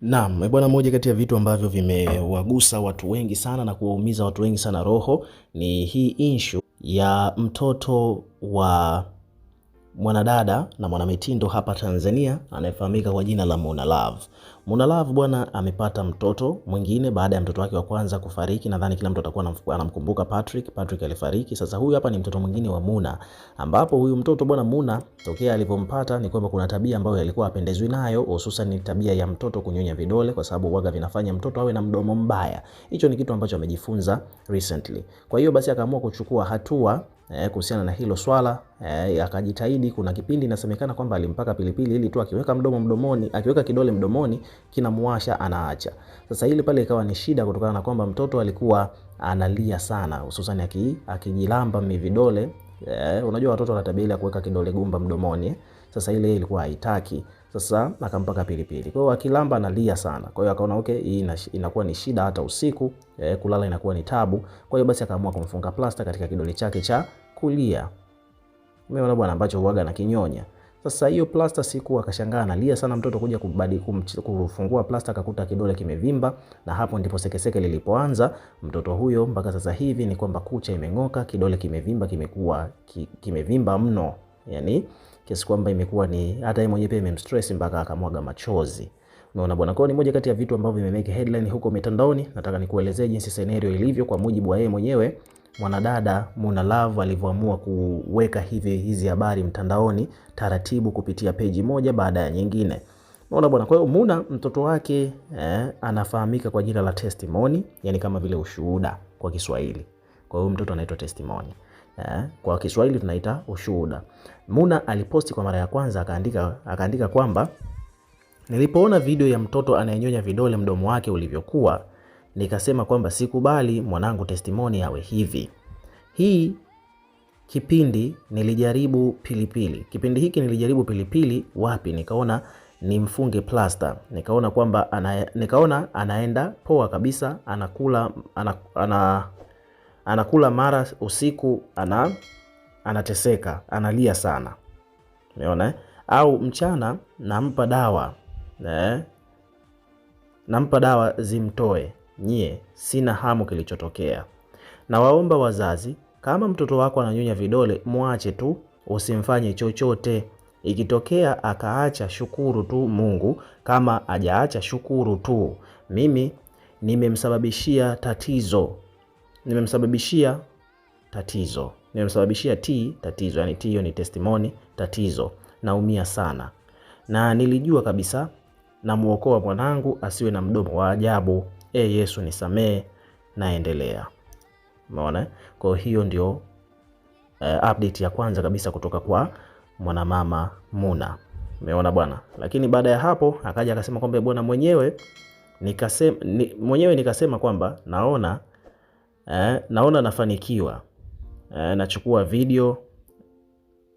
Naam, e bwana, moja kati ya vitu ambavyo vimewagusa watu wengi sana na kuwaumiza watu wengi sana roho ni hii inshu ya mtoto wa mwanadada na mwanamitindo hapa Tanzania anayefahamika kwa jina la Mona Love. Munalove bwana amepata mtoto mwingine baada ya mtoto wake wa kwanza kufariki. Nadhani kila mtu atakuwa anamkumbuka Patrick. Patrick alifariki, sasa huyu hapa ni mtoto mwingine wa Muna, ambapo huyu mtoto bwana Muna tokea alivyompata ni kwamba kuna tabia ambayo alikuwa apendezwi nayo, hususan ni tabia ya mtoto kunyonya vidole, kwa sababu waga vinafanya mtoto awe na mdomo mbaya. Hicho ni kitu ambacho amejifunza recently. Kwa hiyo basi akaamua kuchukua hatua eh, kuhusiana na hilo swala eh, akajitahidi. Kuna kipindi inasemekana kwamba alimpaka pilipili ili tu akiweka mdomo mdomoni, akiweka kidole mdomoni kinamuasha, anaacha. Sasa hili pale ikawa ni shida, kutokana na kwamba mtoto alikuwa analia sana, hususan akijilamba mividole eh, unajua watoto wana tabia ya kuweka kidole gumba mdomoni Sasa ile ilikuwa haitaki sasa akampaka pilipili. Kwa hiyo akilamba analia sana. Kwa hiyo akaona okay, hii inakuwa ni shida hata usiku eh, kulala inakuwa ni tabu. Kwa hiyo basi akaamua kumfunga plasta katika kidole chake cha kulia. Umeona bwana, ambacho huaga na kinyonya. Sasa hiyo plasta siku akashangaa analia sana mtoto, kuja kubadi kufungua plasta akakuta kidole kimevimba, na hapo ndipo sekeseke lilipoanza. Mtoto huyo mpaka sasa hivi ni kwamba kucha imeng'oka, kidole kimevimba, kimekuwa kimevimba mno yani kiasi kwamba imekuwa ni hata yeye mwenyewe pia imemstress mpaka akamwaga machozi. Unaona bwana, kwa ni moja kati ya vitu ambavyo vimemake headline huko mitandaoni. Nataka nikuelezee jinsi scenario ilivyo kwa mujibu wa yeye mwenyewe mwanadada Muna Love alivyoamua kuweka hivi hizi habari mtandaoni taratibu kupitia peji moja baada ya nyingine. Unaona bwana, kwa hiyo Muna mtoto wake eh, anafahamika kwa jina la testimony, yani kama vile ushuhuda kwa Kiswahili. Kwa hiyo mtoto anaitwa testimony eh, kwa Kiswahili tunaita ushuhuda. Muna aliposti kwa mara ya kwanza akaandika, akaandika kwamba nilipoona video ya mtoto anayenyonya vidole mdomo wake ulivyokuwa, nikasema kwamba sikubali mwanangu testimoni awe hivi. Hii kipindi nilijaribu pilipili, kipindi hiki nilijaribu pilipili wapi, nikaona nimfunge plasta, nikaona kwamba ana, nikaona anaenda poa kabisa, anakula ana, ana, anakula mara usiku, ana anateseka, analia sana, umeona. Eh? Au mchana nampa dawa ne? Eh? nampa dawa zimtoe nyie, sina hamu kilichotokea. Na waomba wazazi, kama mtoto wako ananyonya vidole, mwache tu, usimfanye chochote. Ikitokea akaacha, shukuru tu Mungu. Kama ajaacha shukuru tu, mimi nimemsababishia tatizo nimemsababishia tatizo, nimemsababishia T tatizo, yani T hiyo ni testimony, tatizo, naumia sana, na nilijua kabisa namuokoa mwanangu asiwe na mdomo wa ajabu. E Yesu nisamee, naendelea. Umeona, kwa hiyo ndio uh, update ya kwanza kabisa kutoka kwa mwanamama Muna. Umeona bwana, lakini baada ya hapo akaja akasema kwamba bwana mwenyewe nikasema, ni, mwenyewe nikasema kwamba naona eh, naona nafanikiwa eh, nachukua video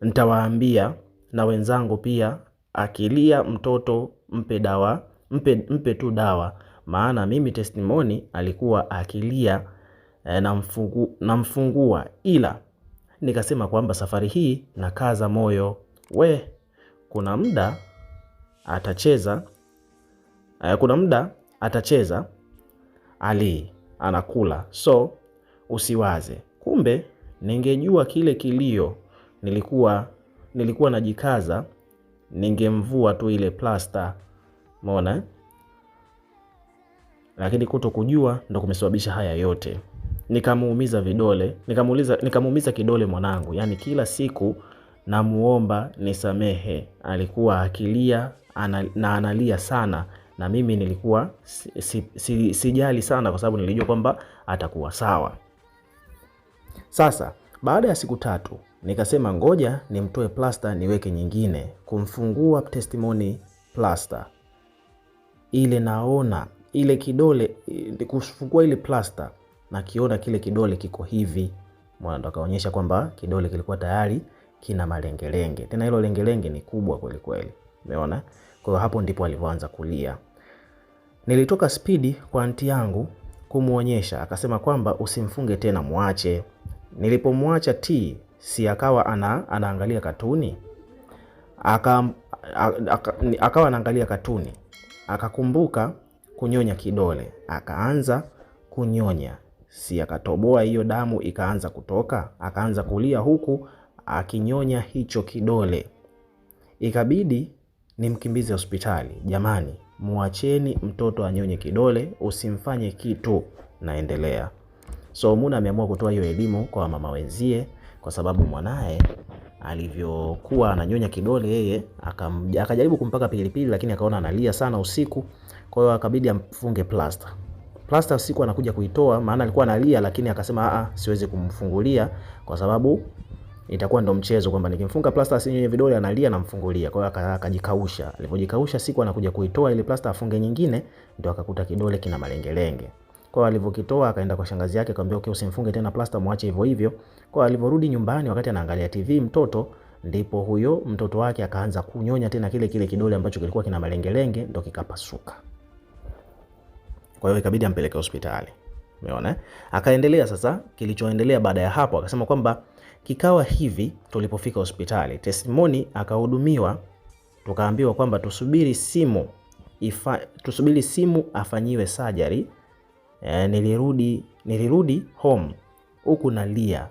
nitawaambia na wenzangu pia, akilia mtoto mpe dawa, mpe, mpe tu dawa. Maana mimi testimoni alikuwa akilia eh, namfungu, namfungua, ila nikasema kwamba safari hii nakaza moyo, we kuna muda atacheza eh, kuna muda atacheza Ali anakula, so usiwaze. Kumbe ningejua kile kilio, nilikuwa nilikuwa najikaza, ningemvua tu ile plasta, umeona. Lakini kuto kujua ndo kumesababisha haya yote. Nikamuumiza vidole, nikamuuliza, nikamuumiza kidole mwanangu, yaani kila siku namuomba nisamehe. Alikuwa akilia ana, na analia sana na mimi nilikuwa sijali si, si, sana kwa sababu nilijua kwamba atakuwa sawa. Sasa baada ya siku tatu nikasema ngoja nimtoe plasta niweke nyingine kumfungua testimony plasta ile, naona ile kidole eh, kufungua ile plasta nakiona kile kidole kiko hivi, ndo akaonyesha kwamba kidole kilikuwa tayari kina malengelenge, tena hilo lengelenge ni kubwa kweli, umeona. Kwa hiyo hapo ndipo alivyoanza kulia. Nilitoka spidi kwa anti yangu kumwonyesha, akasema kwamba usimfunge tena, mwache. Nilipomwacha T si akawa ana, anaangalia katuni aka, aka, akawa anaangalia katuni akakumbuka kunyonya kidole, akaanza kunyonya, si akatoboa hiyo damu ikaanza kutoka, akaanza kulia huku akinyonya hicho kidole, ikabidi nimkimbize hospitali. Jamani, muacheni mtoto anyonye kidole, usimfanye kitu. Naendelea. So Muna ameamua kutoa hiyo elimu kwa mama wenzie, kwa sababu mwanaye alivyokuwa ananyonya kidole yeye akajaribu kumpaka pilipili, lakini akaona analia sana usiku, kwa hiyo akabidi amfunge plaster. Plaster usiku anakuja kuitoa, maana alikuwa analia, lakini akasema a, siwezi kumfungulia kwa sababu itakuwa ndo mchezo kwamba nikimfunga plaster plasta asinye vidole analia na mfungulia. Kwa hiyo akajikausha, alivyojikausha siku anakuja kuitoa ile plaster afunge nyingine, ndo akakuta kidole kina malengelenge. Kwa hiyo alivyokitoa akaenda kwa shangazi yake akamwambia, okay, usimfunge tena plaster, muache hivyo hivyo. Kwa hiyo alivyorudi nyumbani, wakati anaangalia TV mtoto, ndipo huyo mtoto wake akaanza kunyonya tena kile kile kidole ambacho kilikuwa kina malengelenge, ndo kikapasuka. Kwa hiyo ikabidi ampeleke hospitali. Umeona? Eh? Akaendelea sasa, kilichoendelea baada ya hapo akasema kwamba Kikawa hivi tulipofika hospitali, Testimoni akahudumiwa, tukaambiwa kwamba tusubiri simu ifa, tusubiri simu afanyiwe sajari. E, eh, nilirudi, nilirudi home huku nalia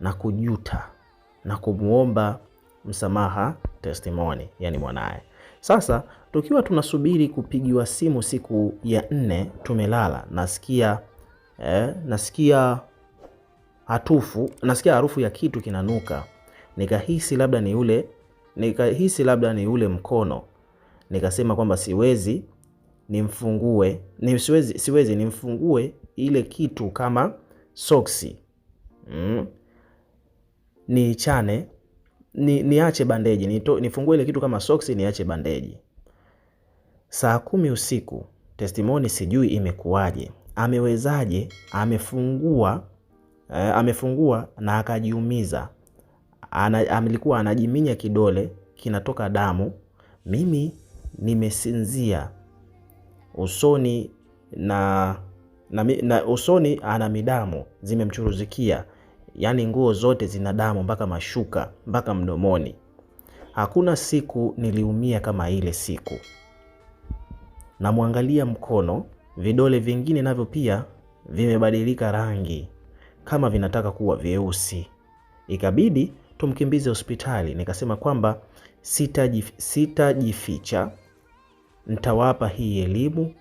na kujuta na kumwomba msamaha Testimoni, yani mwanaye. Sasa tukiwa tunasubiri kupigiwa simu siku ya nne, tumelala nasikia eh, nasikia hatufu, nasikia harufu ya kitu kinanuka, nikahisi labda ni ule, nikahisi labda ni ule mkono. Nikasema kwamba siwezi nimfungue ni, siwezi, siwezi nimfungue ile kitu kama soksi mm. Niichane ni, niache bandeji to, nifungue ile kitu kama soksi niache bandeji. Saa kumi usiku, testimoni sijui imekuwaje, amewezaje, amefungua Eh, amefungua na akajiumiza, alikuwa anajiminya kidole kinatoka damu, mimi nimesinzia usoni na, na, na usoni ana midamu zimemchuruzikia, yaani nguo zote zina damu mpaka mashuka mpaka mdomoni. Hakuna siku niliumia kama ile siku. Namwangalia mkono, vidole vingine navyo pia vimebadilika rangi, kama vinataka kuwa vyeusi. Ikabidi tumkimbize hospitali. Nikasema kwamba sitajificha, sita ntawapa hii elimu.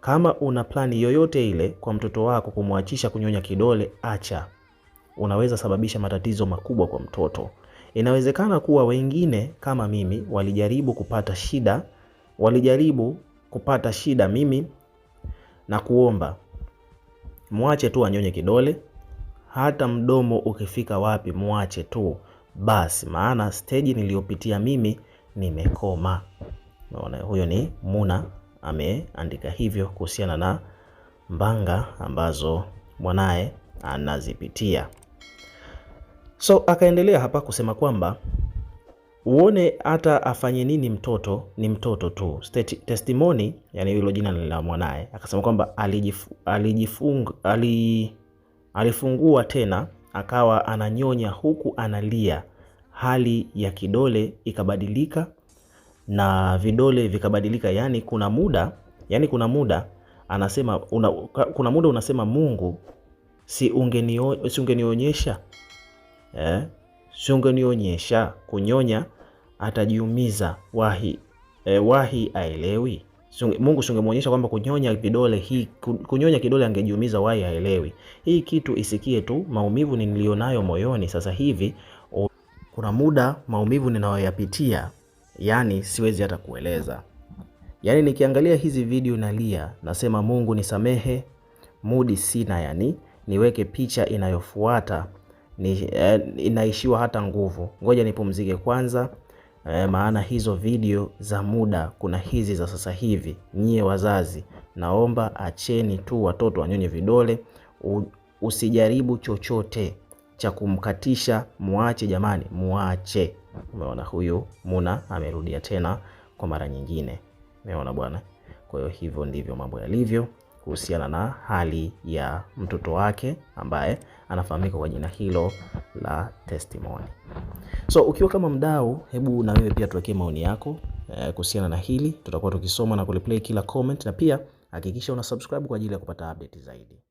Kama una plani yoyote ile kwa mtoto wako kumwachisha kunyonya kidole, acha. Unaweza sababisha matatizo makubwa kwa mtoto. Inawezekana kuwa wengine kama mimi walijaribu kupata shida, walijaribu kupata shida mimi na kuomba mwache tu anyonye kidole, hata mdomo ukifika wapi, mwache tu basi, maana steji niliyopitia mimi nimekoma. Unaona, huyo ni Muna ameandika hivyo kuhusiana na mbanga ambazo mwanaye anazipitia. So akaendelea hapa kusema kwamba uone hata afanye nini, mtoto ni mtoto tu. Testimony, yani hilo jina la mwanaye, akasema kwamba ali, alifungua tena akawa ananyonya huku analia, hali ya kidole ikabadilika na vidole vikabadilika. Yani kuna muda, yani kuna muda anasema una, kuna muda unasema Mungu, si ungenionyesha si ungenionyesha eh, si unge kunyonya atajiumiza wahi, e, wahi aelewi. Mungu sungemwonyesha kwamba kunyonya vidole hii, kunyonya kidole angejiumiza, wahi aelewi. Hii kitu isikie tu, maumivu ni nilionayo moyoni sasa hivi, o, kuna muda maumivu ninayoyapitia, yani siwezi hata kueleza. Yani nikiangalia hizi video nalia, nasema Mungu nisamehe, mudi sina, yani niweke picha inayofuata ni, eh, inaishiwa hata nguvu. Ngoja nipumzike kwanza e, maana hizo video za muda, kuna hizi za sasa hivi. Nyie wazazi, naomba acheni tu watoto wanyonye vidole. Usijaribu chochote cha kumkatisha, muache jamani, muache. Umeona, huyu Muna amerudia tena kwa mara nyingine. Umeona bwana. Kwa hiyo hivyo ndivyo mambo yalivyo kuhusiana na hali ya mtoto wake ambaye anafahamika kwa jina hilo la Testimony. So ukiwa kama mdau, hebu na wewe pia tuwekee maoni yako eh, kuhusiana na hili. Tutakuwa tukisoma na kuliplay kila comment, na pia hakikisha una subscribe kwa ajili ya kupata update zaidi.